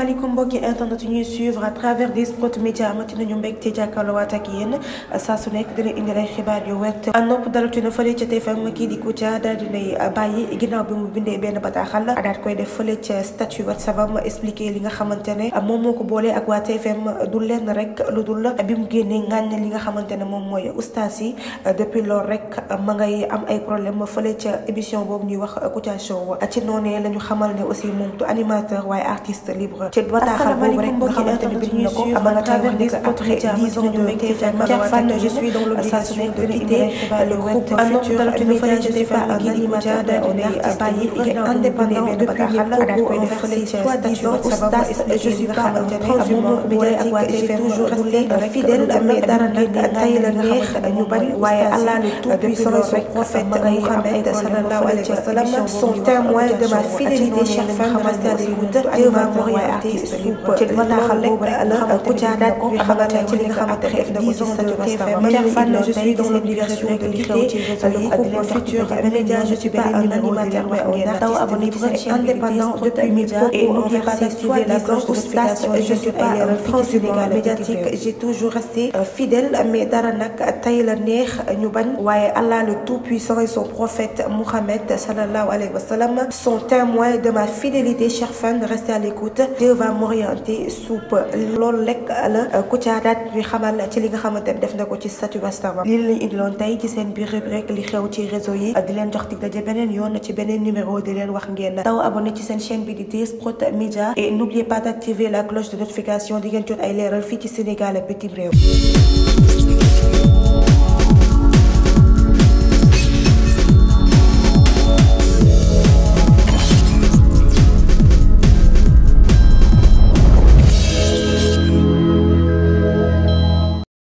asalaamaaleykum mbokki internet yi ñuy suivre à travers des spots médias amati nañu mbégte jàkkaarloowaat ak na fële ca TFM kii li nga xamante ne moom moo ko boolee ak waa TFM du lenn rek lu bi mu génnee ngàññ li nga xamante ne moom mooy oustaz yi depuis rek ma ngay am ay problème fële ca émission boobu ñuy wax Kouthia Show ci noonee la ñu xamal ne aussi moom du animateur waaye artiste libre ci bataaxal boobu rek nga xamante ne bind na ko ba nga tey wax ni que après dix ans de TFM Cheikh Fall je suis dans l'obligation de quitter le groupe en tant que média je suis pas un animateur on est bàyyi il est indépendant mais depuis le propos en français soit disant oustaz je suis pas un transhumant médiatique j'ai toujours resté fidèle mais dara nag tey la neex ñu bari waaye Allah le Tout-Puissant et son prophète Mohammed sallallahu alayhi wa sallam sont témoins de ma fidélité Cheikh Fall reste à l'écoute devant moi te ci bataaxal boobu rek nga xamante ne ci li nga xamante ne def na ko ci sa TFM Cher Fall je suis dans l'obligation de lister le groupe pas médiatique j'ai toujours resté fidèle mais dara nag tey la neex ñu Allah le Tout-Puissant et son prophète Mohammed sallallahu alayhi de ma fidélité Cher Fall restez à l'écoute Dieu va m'orienter sous peu loolu lekk la euh, Kouthia daat bi xamal ci li nga xamante ne def na ko ci statut Instagram lii lañu indiloon tey ci seen biir rubrique li xew ci réseau yi di leen jox dig daje beneen yoon ci beneen numéro di leen wax ngeen daw abonné ci seen chaîne bi di DS Prod Media et n'oubliez pas d'activer la cloche de notification di ngeen jot ay leeral fii ci Sénégal ak bitim réew